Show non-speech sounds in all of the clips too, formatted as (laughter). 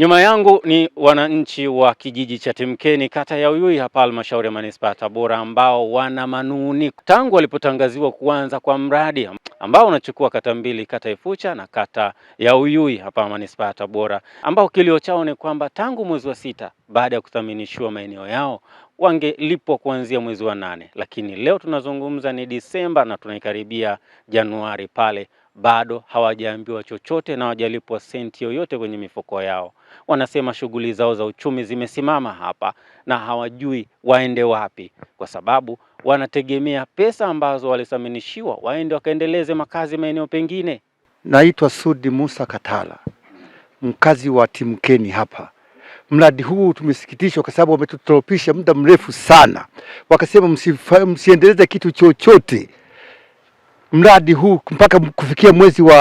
Nyuma yangu ni wananchi wa kijiji cha timkeni kata ya Uyui hapa halmashauri ya manispaa ya Tabora ambao wana manung'uniko tangu walipotangaziwa kuanza kwa mradi ambao unachukua kata mbili, kata Ifucha na kata ya Uyui hapa manispaa ya Tabora, ambao kilio chao ni kwamba tangu mwezi wa sita baada ya kuthaminishiwa maeneo yao wangelipwa kuanzia mwezi wa nane, lakini leo tunazungumza ni Disemba na tunaikaribia Januari pale bado hawajaambiwa chochote na hawajalipwa senti yoyote kwenye mifuko yao. Wanasema shughuli zao za uchumi zimesimama hapa na hawajui waende wapi, kwa sababu wanategemea pesa ambazo walisaminishiwa waende wakaendeleze makazi maeneo pengine. Naitwa Sudi Musa Katala, mkazi wa Timkeni hapa. Mradi huu tumesikitishwa kwa sababu wametutoropisha muda mrefu sana, wakasema msiendeleze kitu chochote mradi huu mpaka kufikia mwezi wa,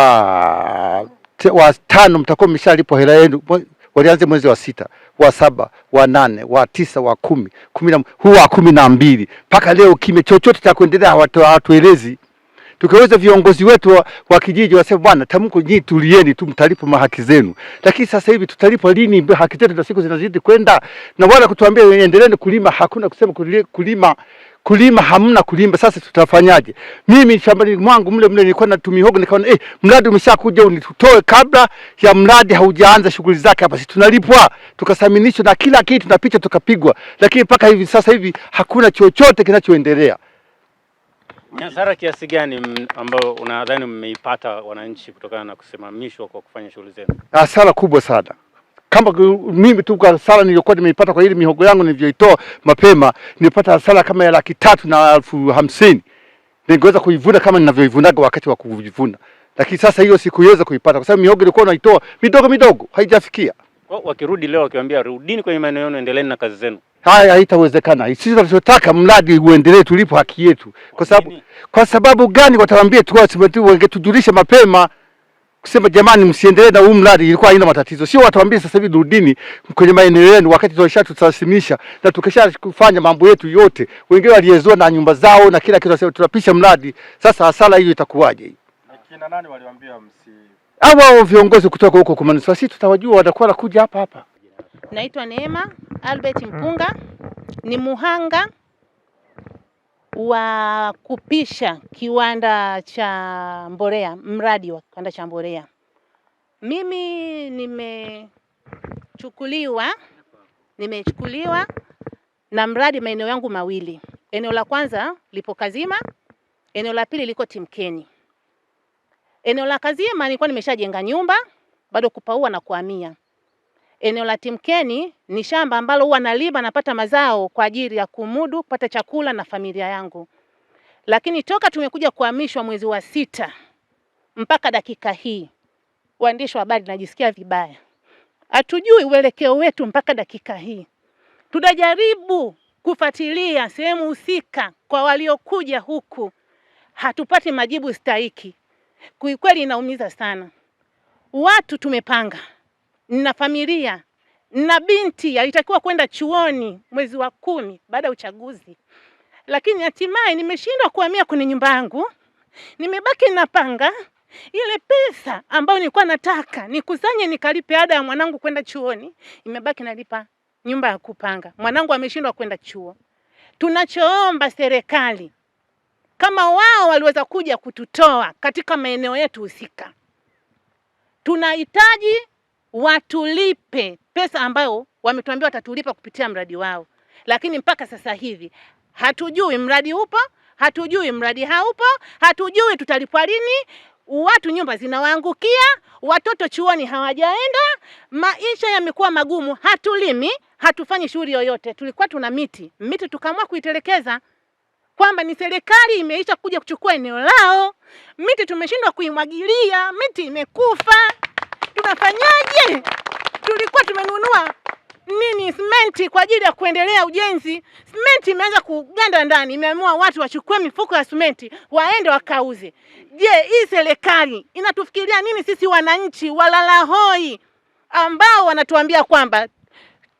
wa tano mtakuwa mmeshalipwa hela yenu. Walianze mwezi wa sita, wa saba, wa nane, wa tisa, wa kumi, kumi na huu wa kumi na mbili mpaka leo kime chochote cha kuendelea hawatuelezi. Tukiweza viongozi wetu wa, wa kijiji wasema bwana, tamko nyinyi, tulieni tu, mtalipwa mahaki zenu. Lakini sasa hivi tutalipwa lini haki zetu, na siku zinazidi kwenda, na wala kutuambia endeleeni kulima, hakuna kusema kulima kulima hamna kulima. Sasa tutafanyaje? Mimi shambani mwangu mle mle nilikuwa natumia mihogo, nikaona eh, mradi umeshakuja unitoe kabla ya mradi haujaanza shughuli zake. Hapa si tunalipwa tukasaminishwa na kila kitu na picha tukapigwa, lakini mpaka hivi sasa hivi hakuna chochote kinachoendelea. Hasara kiasi gani ambayo unadhani mmeipata wananchi kutokana na kusimamishwa kwa kufanya shughuli zenu? Hasara kubwa sana kama mimi tu kwa sala niliyokuwa nimeipata kwa ile mihogo yangu nilivyoitoa mapema, nimepata sala kama ya laki tatu na elfu hamsini. Ningeweza kuivuna kama ninavyoivunaga wakati wa kuivuna, lakini sasa hiyo sikuweza kuipata kwa sababu mihogo ilikuwa naitoa midogo midogo, haijafikia. Wakirudi leo wakiambia, rudini kwenye maeneo yenu, endeleeni na kazi zenu. Haya, haitawezekana. Sisi tunachotaka mradi uendelee, tulipo haki yetu. Kwa sababu kwa sababu gani? Watawaambia tu wangetujulisha mapema kusema jamani, msiendelee na huu mradi, ilikuwa haina matatizo. Sio watuambie sasa hivi rudini kwenye maeneo yenu, wakati tumeshatutathmisha na tukisha kufanya mambo yetu yote. Wengine waliezua na nyumba zao na kila kitu, sasa tunapisha mradi. Sasa hasara hiyo itakuwaje hii? Kina nani waliwaambia msi? wao viongozi kutoka huko kwa sisi tutawajua, watakuwa nakuja hapa hapa. Naitwa Neema Albert Mpunga, ni muhanga wa kupisha kiwanda cha mbolea, mradi wa kiwanda cha mbolea. Mimi nimechukuliwa nimechukuliwa na mradi maeneo yangu mawili. Eneo la kwanza lipo Kazima, eneo la pili liko Timkeni. Eneo la Kazima nilikuwa nimeshajenga nyumba, bado kupaua na kuhamia. Eneo la Timkeni ni shamba ambalo huwa nalima, napata mazao kwa ajili ya kumudu kupata chakula na familia yangu, lakini toka tumekuja kuhamishwa mwezi wa sita mpaka dakika hii, waandishi wa habari, najisikia vibaya. Hatujui uelekeo wetu mpaka dakika hii. Tunajaribu kufuatilia sehemu husika kwa waliokuja huku, hatupati majibu stahiki. Kiukweli inaumiza sana. Watu tumepanga nina familia, nina binti alitakiwa kwenda chuoni mwezi wa kumi baada ya uchaguzi, lakini hatimaye nimeshindwa kuhamia kwenye nyumba yangu, nimebaki napanga ile pesa ambayo nilikuwa nataka nikusanye nikalipe ada ya mwanangu kwenda chuoni, imebaki nalipa nyumba ya kupanga. Mwanangu ameshindwa kwenda chuo. Tunachoomba serikali, kama wao waliweza kuja kututoa katika maeneo yetu husika, tunahitaji watulipe pesa ambayo wametuambia watatulipa kupitia mradi wao, lakini mpaka sasa hivi hatujui mradi upo, hatujui mradi haupo, hatujui tutalipwa lini. Watu nyumba zinawaangukia, watoto chuoni hawajaenda, maisha yamekuwa magumu, hatulimi, hatufanyi shughuli yoyote. Tulikuwa tuna miti miti, tukaamua kuitelekeza kwamba ni serikali imeisha kuja kuchukua eneo lao. Miti tumeshindwa kuimwagilia, miti imekufa tunafanyaje? Tulikuwa tumenunua nini simenti kwa ajili ya kuendelea ujenzi. Simenti imeanza kuganda ndani, imeamua watu wachukue mifuko ya simenti waende wakauze. Je, hii serikali inatufikiria nini sisi wananchi walalahoi ambao wanatuambia kwamba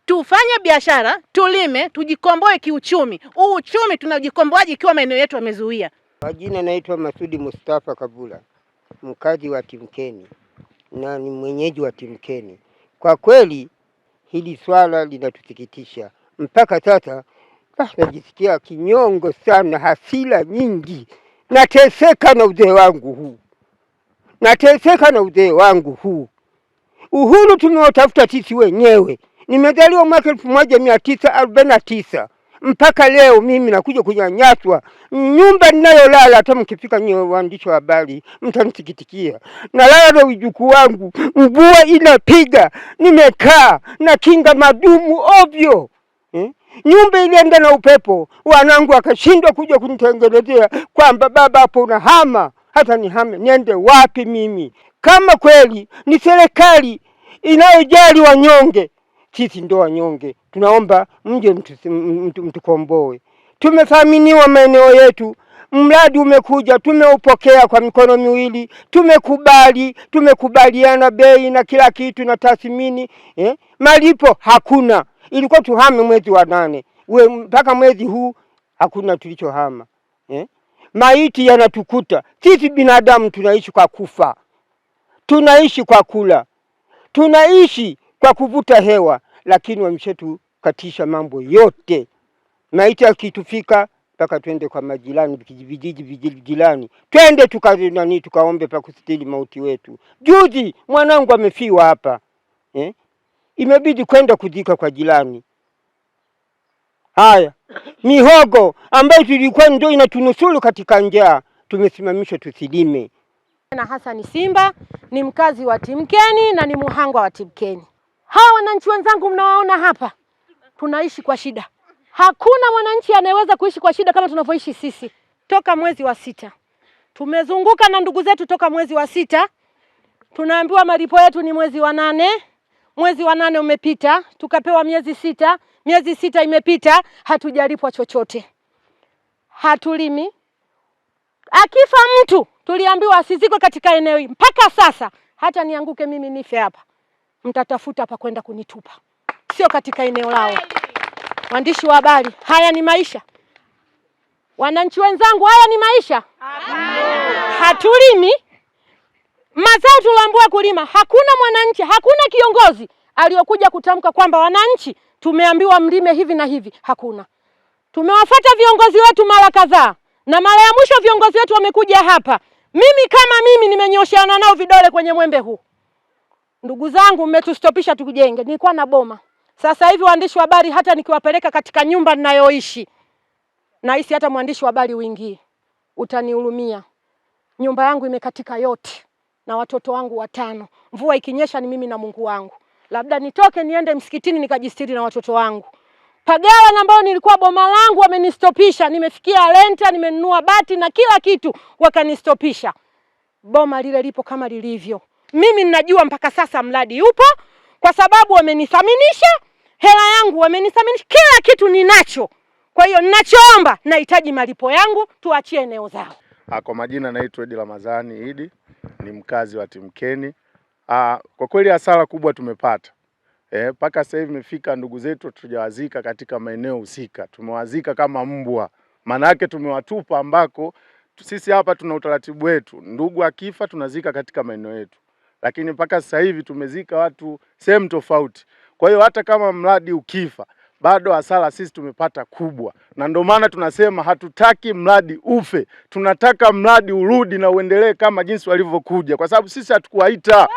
tufanye biashara, tulime, tujikomboe kiuchumi? Huu uchumi tunajikomboaje ikiwa maeneo yetu yamezuia? Kwa jina naitwa Masudi Mustafa Kabula, mkazi wa Timkeni na ni mwenyeji wa Timkeni. Kwa kweli hili swala linatusikitisha mpaka sasa. Ah, najisikia kinyongo sana, hasira nyingi, nateseka na uzee wangu huu, nateseka na uzee wangu huu. Uhuru tunaotafuta sisi wenyewe. Nimezaliwa mwaka elfu moja mia tisa arobaini na tisa mpaka leo mimi nakuja kunyanyaswa. Nyumba ninayolala hata mkifika nyie waandishi wa habari mtanisikitikia, nalala na wijukuu wangu, mvua inapiga, nimekaa na kinga madumu ovyo eh? Nyumba ilienda na upepo, wanangu akashindwa kuja kunitengenezea kwamba baba, hapo unahama. Hata nihame niende wapi mimi? Kama kweli ni serikali inayojali wanyonge, sisi ndo wanyonge tunaomba mje mtukomboe. Tumethaminiwa maeneo yetu, mradi umekuja, tumeupokea kwa mikono miwili, tumekubali, tumekubaliana bei na kila kitu na tathmini eh? Malipo hakuna, ilikuwa tuhame mwezi wa nane mpaka mwezi huu hakuna tulichohama eh? Maiti yanatukuta sisi binadamu, tunaishi kwa kufa, tunaishi kwa kula, tunaishi kwa kuvuta hewa, lakini wamshetu kukatisha mambo yote, maiti akitufika mpaka twende kwa majirani, vijiji vijirani, twende tuka nani, tukaombe pa kustiri mauti wetu. Juzi mwanangu amefiwa hapa eh? Imebidi kwenda kuzika kwa jirani. Haya, mihogo ambayo tulikuwa ndio inatunusuru katika njaa tumesimamishwa tusilime. Na Hassan Simba ni mkazi wa Timkeni na ni muhanga wa Timkeni. Hawa wananchi wenzangu mnawaona hapa tunaishi kwa shida. Hakuna mwananchi anayeweza kuishi kwa shida kama tunavyoishi sisi. Toka mwezi wa sita tumezunguka na ndugu zetu, toka mwezi wa sita tunaambiwa malipo yetu ni mwezi wa nane. Mwezi wa nane umepita, tukapewa miezi sita, miezi sita imepita, hatujalipwa chochote, hatulimi. Akifa mtu tuliambiwa asizikwe katika eneo hili. Mpaka sasa hata nianguke mimi nife hapa, mtatafuta pa kwenda kunitupa sio katika eneo lao. Waandishi wa habari, haya ni maisha. Wananchi wenzangu, haya ni maisha. Hatulimi mazao tuloambiwa kulima. Hakuna mwananchi, hakuna kiongozi aliyokuja kutamka kwamba wananchi tumeambiwa mlime hivi na hivi. Hakuna. Tumewafuata viongozi wetu mara kadhaa, na mara ya mwisho viongozi wetu wamekuja hapa, mimi kama mimi nimenyoshana nao vidole kwenye mwembe huu. Ndugu zangu, mmetustopisha tujenge. Nilikuwa na boma sasa hivi waandishi wa habari hata nikiwapeleka katika nyumba ninayoishi, nahisi hata mwandishi wa habari wingi utanihurumia. Nyumba yangu imekatika yote na watoto wangu watano. Mvua ikinyesha ni mimi na Mungu wangu, labda nitoke niende msikitini nikajistiri na watoto wangu. Pagawa ambao nilikuwa boma langu wamenistopisha. Nimefikia renta, nimenunua bati na kila kitu, wakanistopisha. Boma lile lipo kama lilivyo. Mimi ninajua mpaka sasa mradi upo kwa sababu wamenithaminisha hela yangu, wamenisamini kila kitu ninacho. Kwa hiyo ninachoomba, nahitaji malipo yangu, tuachie eneo zao. Ah, kwa majina naitwa Idi Ramadhani Idi, ni mkazi wa Timkeni. Aa, ah, kwa kweli hasara kubwa tumepata eh, mpaka e, sasa hivi imefika ndugu zetu tujawazika katika maeneo husika, tumewazika kama mbwa, maana yake tumewatupa ambako sisi hapa tuna utaratibu wetu, ndugu akifa tunazika katika maeneo yetu, lakini mpaka sasa hivi tumezika watu sehemu tofauti. Kwa hiyo hata kama mradi ukifa bado hasara sisi tumepata kubwa, na ndio maana tunasema hatutaki mradi ufe, tunataka mradi urudi na uendelee kama jinsi walivyokuja, kwa sababu sisi hatukuwaita,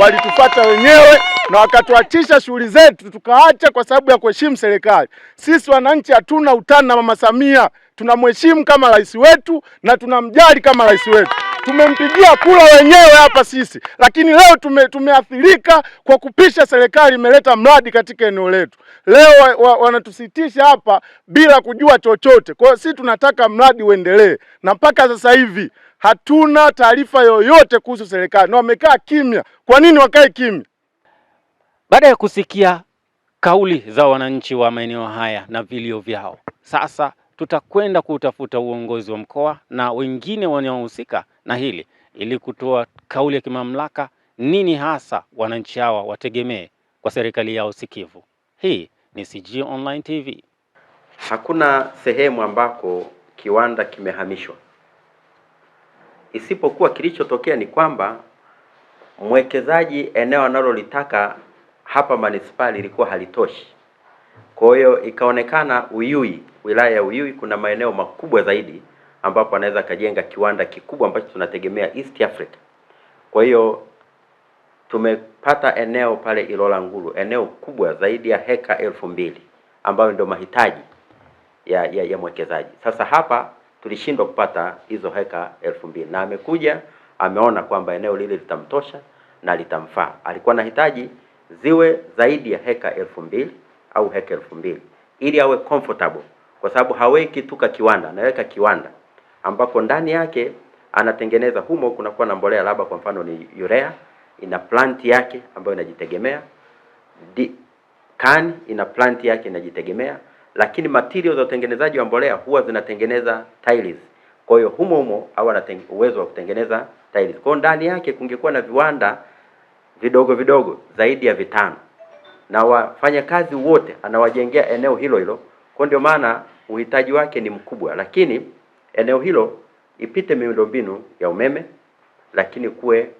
walitupata wenyewe na wakatuachisha shughuli zetu tukaacha, kwa sababu ya kuheshimu serikali. Sisi wananchi hatuna utani na Mama Samia, tunamheshimu kama rais wetu na tunamjali kama rais wetu tumempigia kura wenyewe hapa sisi, lakini leo tume, tumeathirika kwa kupisha serikali imeleta mradi katika eneo letu. Leo wanatusitisha wa, wa hapa bila kujua chochote. Kwa hiyo sisi tunataka mradi uendelee, na mpaka sasa hivi hatuna taarifa yoyote kuhusu serikali na wamekaa kimya. Kwa nini wakae kimya? Baada ya kusikia kauli za wananchi wa maeneo haya na vilio vyao, sasa tutakwenda kutafuta uongozi wa mkoa na wengine wanaohusika na hili ili kutoa kauli ya kimamlaka nini hasa wananchi hawa wategemee kwa serikali yao sikivu. Hii ni CG Online TV. Hakuna sehemu ambako kiwanda kimehamishwa, isipokuwa kilichotokea ni kwamba mwekezaji eneo analolitaka hapa manispaa ilikuwa halitoshi. Kwa hiyo ikaonekana Uyui, wilaya ya Uyui kuna maeneo makubwa zaidi ambapo anaweza akajenga kiwanda kikubwa ambacho tunategemea East Africa. Kwa hiyo tumepata eneo pale Ilola Ngulu, eneo kubwa zaidi ya heka elfu mbili ambayo ndio mahitaji ya, ya, ya mwekezaji. Sasa hapa tulishindwa kupata hizo heka elfu mbili na amekuja ameona kwamba eneo lile litamtosha na litamfaa. Alikuwa anahitaji ziwe zaidi ya heka elfu mbili au heka elfu mbili ili awe comfortable, kwa sababu haweki tuka kiwanda, anaweka kiwanda ambapo ndani yake anatengeneza humo, kunakuwa na mbolea labda kwa mfano ni urea, ina plant yake ambayo inajitegemea D kan ina plant yake inajitegemea, lakini material za utengenezaji wa mbolea huwa zinatengeneza tiles. Kwa hiyo humo humo au ana uwezo wa kutengeneza tiles. Kwa ndani yake kungekuwa na viwanda vidogo vidogo zaidi ya vitano, na wafanyakazi wote anawajengea eneo hilo hilo, kwa ndio maana uhitaji wake ni mkubwa, lakini eneo hilo ipite miundombinu ya umeme, lakini kuwe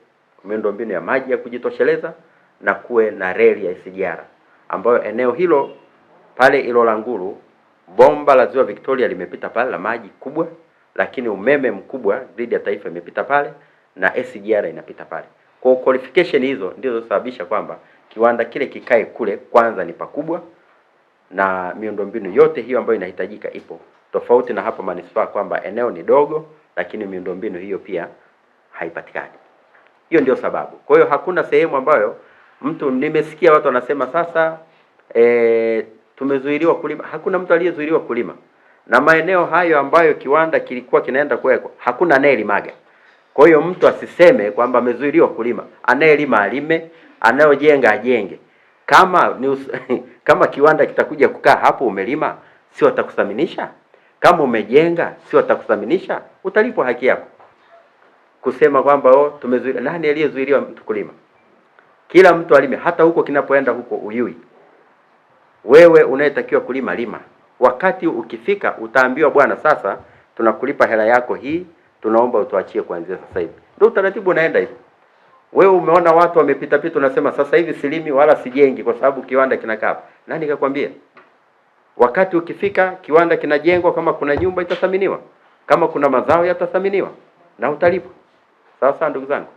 miundombinu ya maji ya kujitosheleza na kuwe na reli ya SGR ambayo eneo hilo pale Ilola Nguru, bomba la Ziwa Victoria limepita pale la maji kubwa, lakini umeme mkubwa dhidi ya taifa imepita pale na SGR inapita pale. Kwa qualification hizo ndizo zinasababisha kwamba kiwanda kile kikae kule, kwanza ni pakubwa na miundombinu yote hiyo ambayo inahitajika ipo tofauti na hapa manispaa kwamba eneo ni dogo, lakini miundombinu hiyo pia haipatikani. Hiyo ndio sababu. Kwa hiyo hakuna sehemu ambayo mtu, nimesikia watu wanasema sasa e, tumezuiliwa kulima. Hakuna mtu aliyezuiliwa kulima, na maeneo hayo ambayo kiwanda kilikuwa kinaenda kuwekwa hakuna anayelimaga. Kwa hiyo mtu asiseme kwamba amezuiliwa kulima. Anayelima alime, anayojenga ajenge. Kama ni (laughs) kama kiwanda kitakuja kukaa hapo umelima, si watakudhaminisha? Kama umejenga, si watakudhaminisha, utalipwa haki yako. Kusema kwamba oh, tumezuiliwa. Nani aliyezuiliwa mtu kulima? Kila mtu alime, hata huko kinapoenda huko Uyui. Wewe unayetakiwa kulima lima, wakati ukifika utaambiwa, bwana, sasa tunakulipa hela yako hii, tunaomba utuachie kuanzia sasa hivi. Ndio utaratibu unaenda hivi. Wewe umeona watu wamepita pita, unasema sasa hivi silimi wala sijengi kwa sababu kiwanda kinakaa. Nani kakwambia? Wakati ukifika, kiwanda kinajengwa, kama kuna nyumba itathaminiwa, kama kuna mazao yatathaminiwa na utalipwa. Sawa ndugu zangu.